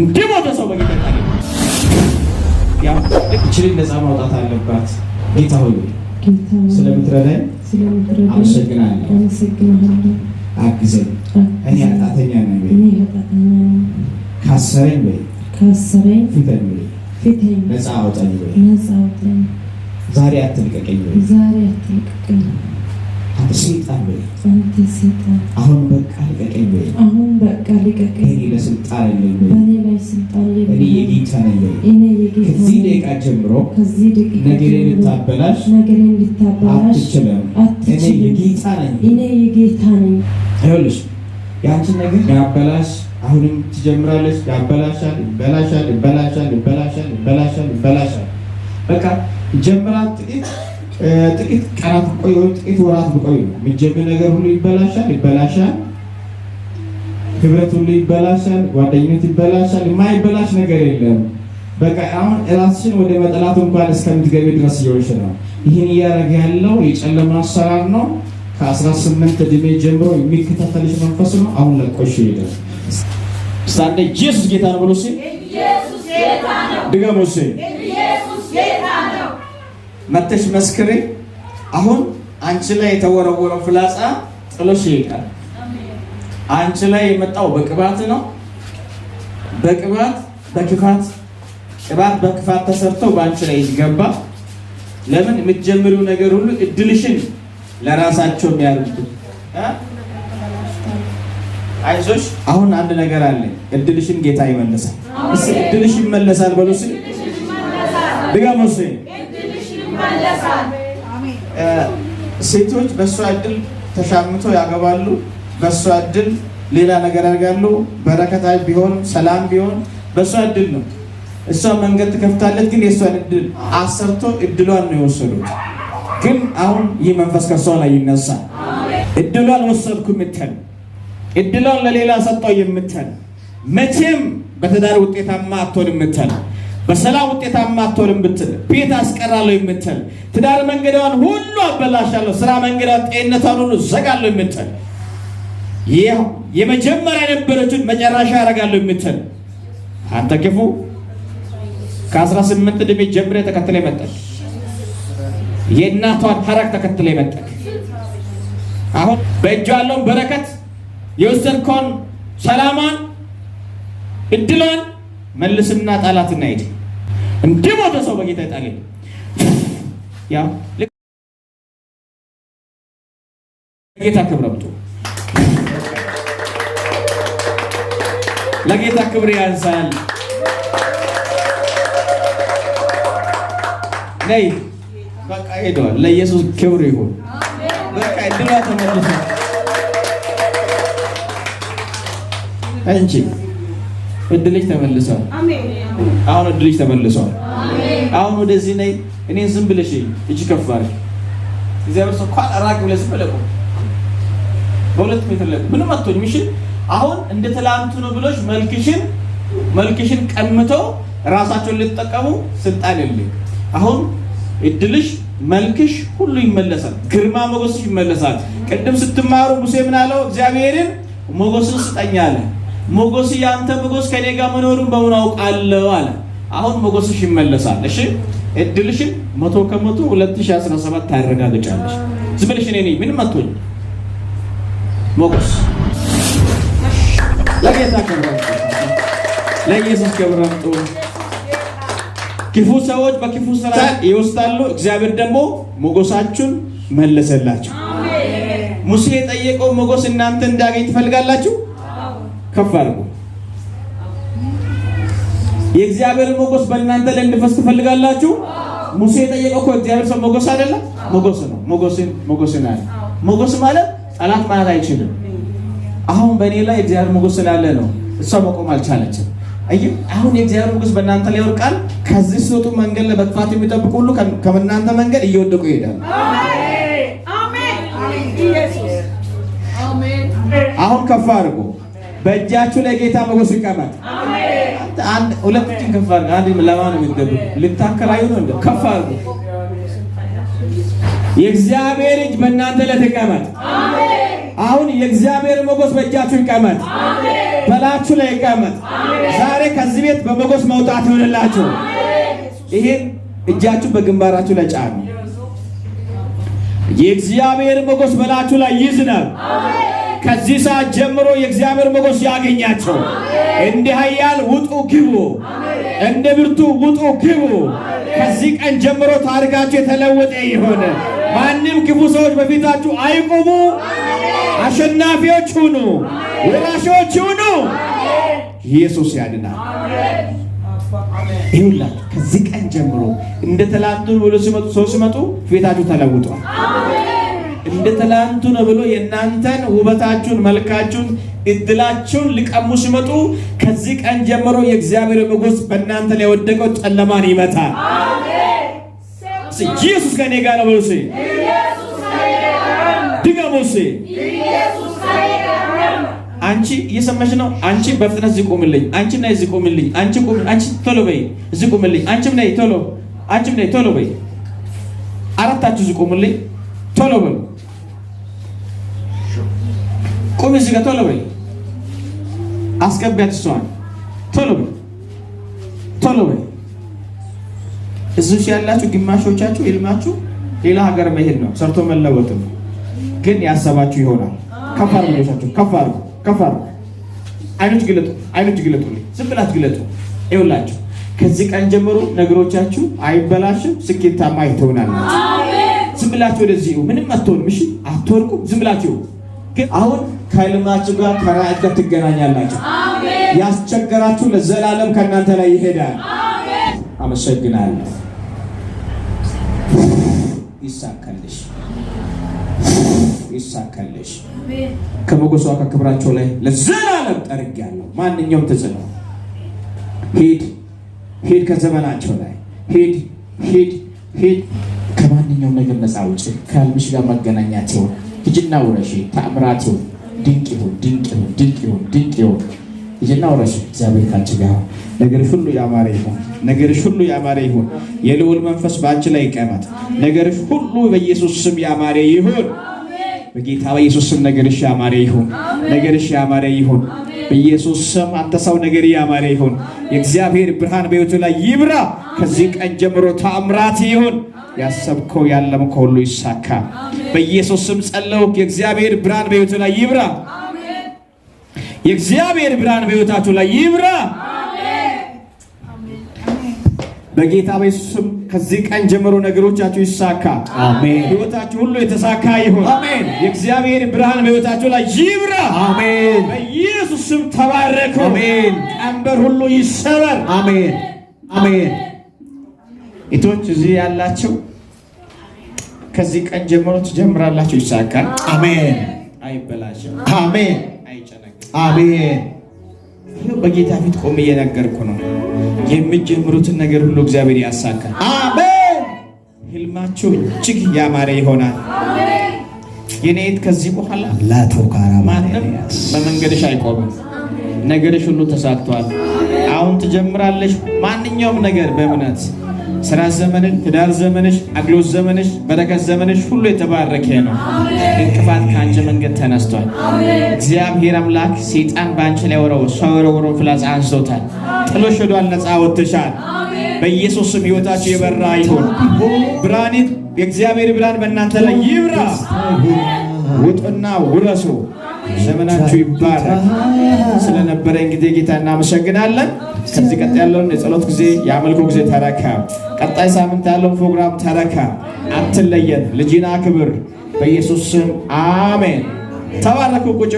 እንደሞተ በጌታ ያ እችል ነፃ ማውጣት አለባት። ጌታ ሆይ ስለምትረዳኝ አመሰግናለሁ። አግዘኝ፣ እኔ ኃጢአተኛ ነኝ። ካሰረኝ ወይ ካሰረኝ ፍታኝ ወይ ፍታኝ፣ ነፃ አውጣኝ ወይ ነፃ አውጣኝ። ዛሬ አትልቀቀኝ ወይ ዛሬ አትልቀቀኝ። አንተ ሰይጣን ወይ አንተ ሰይጣን፣ አሁን በቃ ልቀቀኝ ወይ አሁን በቃ ልቀቀኝ። እኔ ለስልጣን የለኝ ወይ እኔ የጌታ ነኝ። ከዚህ ደቂቃ ጀምሮ ነገሬን ልታበላሽ አትችልም። እኔ የጌታ ነኝ። ይኸውልሽ ያንቺን ነገር ያበላሽ አሁንም ትጀምራለች። ያበላሻል፣ ይበላሻል፣ ይበላሻል፣ ይበላሻል፣ ይበላሻል፣ ይበላሻል። በቃ ጀምራት ጥቂት ጥቂት ቀናት ብቆይ ወይም ጥቂት ወራት ብቆይ ነው የምትጀምር ነገር ሁሉ ይበላሻል፣ ይበላሻል ህብረት ሁሉ ይበላሻል፣ ጓደኝነት ይበላሻል። የማይበላሽ ነገር የለም። በቃ አሁን ራስሽን ወደ መጠላት እንኳን እስከምትገቢ ድረስ እየሆንሽ ነው። ይህን እያደረገ ያለው የጨለማ አሰራር ነው። ከ18 እድሜ ጀምሮ የሚከታተልሽ መንፈስ ነው። አሁን ለቆሽ ይሄዳል። ሳንደ ኢየሱስ ጌታ ነው ብሎ ሲል ሲል መተሽ መስክሬ አሁን አንቺ ላይ የተወረወረው ፍላጻ ጥሎሽ ይሄዳል። አንቺ ላይ የመጣው በቅባት ነው። በቅባት በክፋት ቅባት በክፋት ተሰርቶ በአንቺ ላይ ይገባ። ለምን የምትጀምሪው ነገር ሁሉ እድልሽን ለራሳቸው የሚያርዱ አይዞሽ። አሁን አንድ ነገር አለ። እድልሽን ጌታ ይመለሳል። እሺ፣ እድልሽ ይመለሳል። በሉ እስኪ ድጋሞ ሴቶች በእሷ እድል ተሻምተው ያገባሉ። በእሷ እድል ሌላ ነገር ያደርጋሉ። በረከታ ቢሆን ሰላም ቢሆን በእሷ እድል ነው። እሷ መንገድ ትከፍታለች፣ ግን የእሷን እድል አሰርቶ እድሏን ነው የወሰዱት። ግን አሁን ይህ መንፈስ ከእሷ ላይ ይነሳል። እድሏን ወሰድኩ የምትል እድሏን ለሌላ ሰጠው የምትል መቼም በትዳር ውጤታማ አትሆንም የምትል በሰላም ውጤታማ አትሆንም ብትል ቤት አስቀራለሁ የምትል ትዳር መንገዷን ሁሉ አበላሻለሁ፣ ስራ መንገዷን፣ ጤንነቷን ሁሉ ዘጋለሁ የምትል የመጀመሪያ የነበረችውን መጨረሻ ያደርጋለሁ የምትል አንተ ክፉ ከ18 ዕድሜ ጀምሬ ተከትለ መጠቅ የእናቷን ሀረግ ተከትለ መጠቅ አሁን በእጇ ያለውን በረከት የወሰድከውን ሰላማን እድሏን መልስና ጣላትና ሂድ። እንዲህ ሞተ ሰው በጌታ ጣል ያው ጌታ ክብረብቶ ለጌታ ክብር ያንሳል። ነይ በቃ ሄደዋል። ለኢየሱስ ክብር ይሁን። በቃ እድሏ ተመልሶ እንጂ እድልሽ ተመልሷል። አሁን እድልሽ ተመልሷል። አሁን ወደዚህ ነይ። እኔን ዝም ብለሽ እጅ ከፍ እግዚአብሔር ሰው ራቅ ብለሽ ዝም ብለሽ በሁለት ሜትር ላይ ምንም አትሆኝም። እሺ አሁን እንደ ትላንቱ ነው ብሎሽ መልክሽን መልክሽን ቀምቶ ራሳቸውን ልትጠቀሙ ስልጣን የለም። አሁን እድልሽ መልክሽ ሁሉ ይመለሳል። ግርማ ሞገስሽ ይመለሳል። ቅድም ስትማሩ ሙሴ ምን አለው? እግዚአብሔርን ሞገስን ስጠኝ አለ። ሞገስ ያንተ ሞገስ ከኔ ጋር መኖሩን በምን አውቃለሁ አለ። አሁን ሞገስሽ ይመለሳል። እሺ እድልሽን መቶ ከመቶ 2017 ታረጋግጫለሽ። ዝም ብለሽ እኔ ምን አትሆኝ ሞገስ ለጌታ ቀርባችሁ ለኢየሱስ ገብራጡ። ክፉ ሰዎች በክፉ ስራ ይወስዳሉ፣ እግዚአብሔር ደግሞ ሞገሳችሁን መለሰላችሁ። ሙሴ የጠየቀው ሞገስ እናንተ እንዳገኝ ትፈልጋላችሁ? ከፍ አድርጉ። የእግዚአብሔር ሞገስ በእናንተ ላይ እንዲፈስ ትፈልጋላችሁ? ሙሴ የጠየቀው እኮ እግዚአብሔር ሰው ሞገስ አይደለም፣ ሞገስ ነው። ሞገስን ሞገስን አለ። ሞገስ ማለት ጠላት ማለት አይችልም አሁን በእኔ ላይ እግዚአብሔር ሞገስ ስላለ ነው እሷ መቆም አልቻለችም። አይ አሁን የእግዚአብሔር ሞገስ በእናንተ ላይ ይወርቃል። ከዚህ ስወጡ መንገድ ለመጥፋት የሚጠብቁ ሁሉ ከእናንተ መንገድ እየወደቁ ይሄዳሉ። አሁን ከፍ አድርጎ በእጃችሁ ላይ ጌታ ሞገስ ይቀመጥ። ሁለት እጅን ከፍ አድርጎ አንድ ለማን የምትገብ ልታከራዩ ነው እንደ ከፍ አድርጎ የእግዚአብሔር እጅ በእናንተ ላይ ተቀመጥ። የእግዚአብሔር መጎስ በእጃችሁ ይቀመጥ፣ በላችሁ ላይ ይቀመጥ። ዛሬ ከዚህ ቤት በመጎስ መውጣት ይሆንላችሁ። ይሄን እጃችሁ በግንባራችሁ ላይ ጫኑ። የእግዚአብሔር መጎስ በላችሁ ላይ ይዝናል። ከዚህ ሰዓት ጀምሮ የእግዚአብሔር መጎስ ያገኛቸው። እንደ ኃያል ውጡ ግቡ፣ እንደ ብርቱ ውጡ ግቡ። ከዚህ ቀን ጀምሮ ታሪካችሁ የተለወጠ ይሆነ ማንም ክፉ ሰዎች በፊታችሁ አይቆሙ። አሸናፊዎች ሁኑ፣ ወራሾች ሁኑ። ኢየሱስ ያድናል። ይሁላችሁ ከዚህ ቀን ጀምሮ እንደ ትላንቱ ብሎ ሲመጡ ሰው ሲመጡ ፊታችሁ ተለውጧል። እንደ ትላንቱ ነው ብሎ የእናንተን ውበታችሁን፣ መልካችሁን፣ እድላችሁን ሊቀሙ ሲመጡ ከዚህ ቀን ጀምሮ የእግዚአብሔር ንጉሥ በእናንተ ላይ የወደቀው ጨለማን ይመታል። ኢየሱስ ከእኔ ጋር ነው ብሎ ድገሙ ሲ አንቺ እየሰማሽ ነው። አንቺ በፍጥነት እዚህ ቁምልኝ። አንቺ ነይ እዚህ ቁምልኝ። አንቺ ቁም፣ አንቺ ቶሎ በይ እዚህ ቁምልኝ። አንቺም ነይ ቶሎ፣ አንቺም ነይ ቶሎ በይ። አራታችሁ እዚህ ቁምልኝ፣ ቶሎ በይ። ቁም እዚህ ጋር ቶሎ በይ። አስገቢያት እሷን ቶሎ በይ፣ ቶሎ በይ። እዚህ ያላችሁ ግማሾቻችሁ ህልማችሁ ሌላ ሀገር መሄድ ነው፣ ሰርቶ መለወጥ ነው። ግን ያሰባችሁ ይሆናል። ከፍ አድርጉ፣ ልጆቻችሁ ከፍ አድርጉ፣ ከፍ አድርጉ። አይኖች ግለጡ፣ አይኖች ግለጡ፣ ዝም ብላችሁ ግለጡ። ይኸውላችሁ ከዚህ ቀን ጀምሮ ነገሮቻችሁ አይበላሽም፣ ስኬታማ ትሆናላችሁ። ዝም ብላችሁ ወደዚህ ይሁ፣ ምንም አትሆንም። እሺ አትወርቁ። ዝም ብላችሁ ግን አሁን ከህልማችሁ ጋር ከራእይ ጋር ትገናኛላችሁ። ያስቸገራችሁ ለዘላለም ከእናንተ ላይ ይሄዳል። አመሰግናለሁ። ይሳካልሽ። ይሳካልሽ። ከሞገሷ ከክብራቸው ላይ ለዘላለም ጠርጌያለሁ። ማንኛውም ተጽዕኖ ሂድ ሂድ፣ ከዘመናቸው ላይ ሂድ ሂድ ሂድ። ከማንኛውም ነገር ነፃ ውጭ። ከልብሽ ጋር መገናኛት ይሁን። ሂጂና ውረሺ። ተአምራት ይሁን። ድንቅ ይሁን። ድንቅ ይሁን። ድንቅ ይሁን። ድንቅ ይሁን። ይሄን አውራሽ እግዚአብሔር ካንቺ ጋር ነገርሽ ሁሉ ያማረ ይሁን። ነገርሽ ሁሉ ያማረ ይሁን። የልዑል መንፈስ በአንቺ ላይ ይቀመጥ። ነገርሽ ሁሉ በኢየሱስ ስም ያማረ ይሁን። በጌታ በኢየሱስ ስም ነገርሽ ያማረ ይሁን። ነገርሽ ያማረ ይሁን። በኢየሱስ ስም አንተ ሰው ነገር ያማረ ይሁን። የእግዚአብሔር ብርሃን በሕይወቱ ላይ ይብራ። ከዚህ ቀን ጀምሮ ታምራት ይሁን። ያሰብከው ያለምከው ሁሉ ይሳካ። በኢየሱስ ስም ጸለውክ። የእግዚአብሔር ብርሃን በሕይወቱ ላይ ይብራ። የእግዚአብሔር ብርሃን በሕይወታችሁ ላይ ይብራ በጌታ በኢየሱስም ከዚህ ቀን ጀምሮ ነገሮቻችሁ ይሳካ። አሜን። ህይወታችሁ ሁሉ የተሳካ ይሁን። አሜን። የእግዚአብሔር ብርሃን በህይወታችሁ ላይ ይብራ። አሜን። በኢየሱስም ተባረኩ። አሜን። ቀንበር ሁሉ ይሰበር። አሜን። አሜን። እቶች እዚህ ያላችሁ ከዚህ ቀን ጀምሮ ትጀምራላችሁ። ይሳካል። አሜን። አይበላሽም። አሜን። አይጨነቅም። አቤት በጌታ ፊት ቆም እየነገርኩ ነው። የምትጀምሩትን ነገር ሁሉ እግዚአብሔር ያሳካል። አሜን። ህልማችሁ እጅግ ያማረ ይሆናል። የኔት ከዚህ በኋላ ላቶካራ ማንም በመንገድሽ አይቆምም። ነገርሽ ሁሉ ተሳክቷል። አሁን ትጀምራለሽ ማንኛውም ነገር በእምነት ስራ ዘመንሽ፣ ትዳር ዘመንሽ፣ አግሎት ዘመንሽ፣ በረከት ዘመንሽ ሁሉ የተባረከ ነው። እንቅፋት ከአንቺ መንገድ ተነስቷል። እግዚአብሔር አምላክ ሰይጣን በአንቺ ላይ ወረው ሰው ፍላጻ አንስቶታል፣ ጥሎሽ ሄዷል። ነፃ ወጥተሻል። በኢየሱስ ስም የበራ ይሁን። ብርሃኒት የእግዚአብሔር ብርሃን በእናንተ ላይ ይብራ። ውጡና ውረሱ። ዘመናችሁ ይባረክ። ስለነበረን ጊዜ ጌታ እናመሰግናለን። ከዚህ ቀጥ ያለውን የጸሎት ጊዜ የአመልኮ ጊዜ ተረካ። ቀጣይ ሳምንት ያለውን ፕሮግራም ተረካ። አትለየን። ልጅና ክብር በኢየሱስ ስም አሜን። ተባረኩ። ቁጭ